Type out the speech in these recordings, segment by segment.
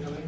Really?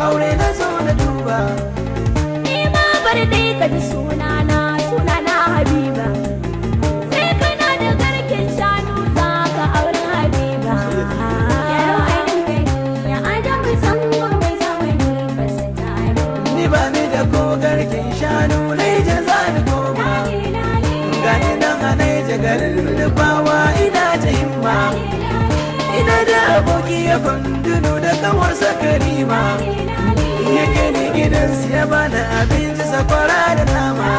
Kano nai ja zani koma Gani nan a nai garin da bawa ina ta himma Ina da aboki ya fundunu da kawarsa karima Yake ne gidansu ya bani abinci sakwara da nama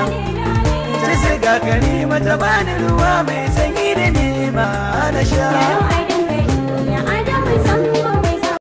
Ta siga karima ta bani ruwa mai sanyi da nema na sha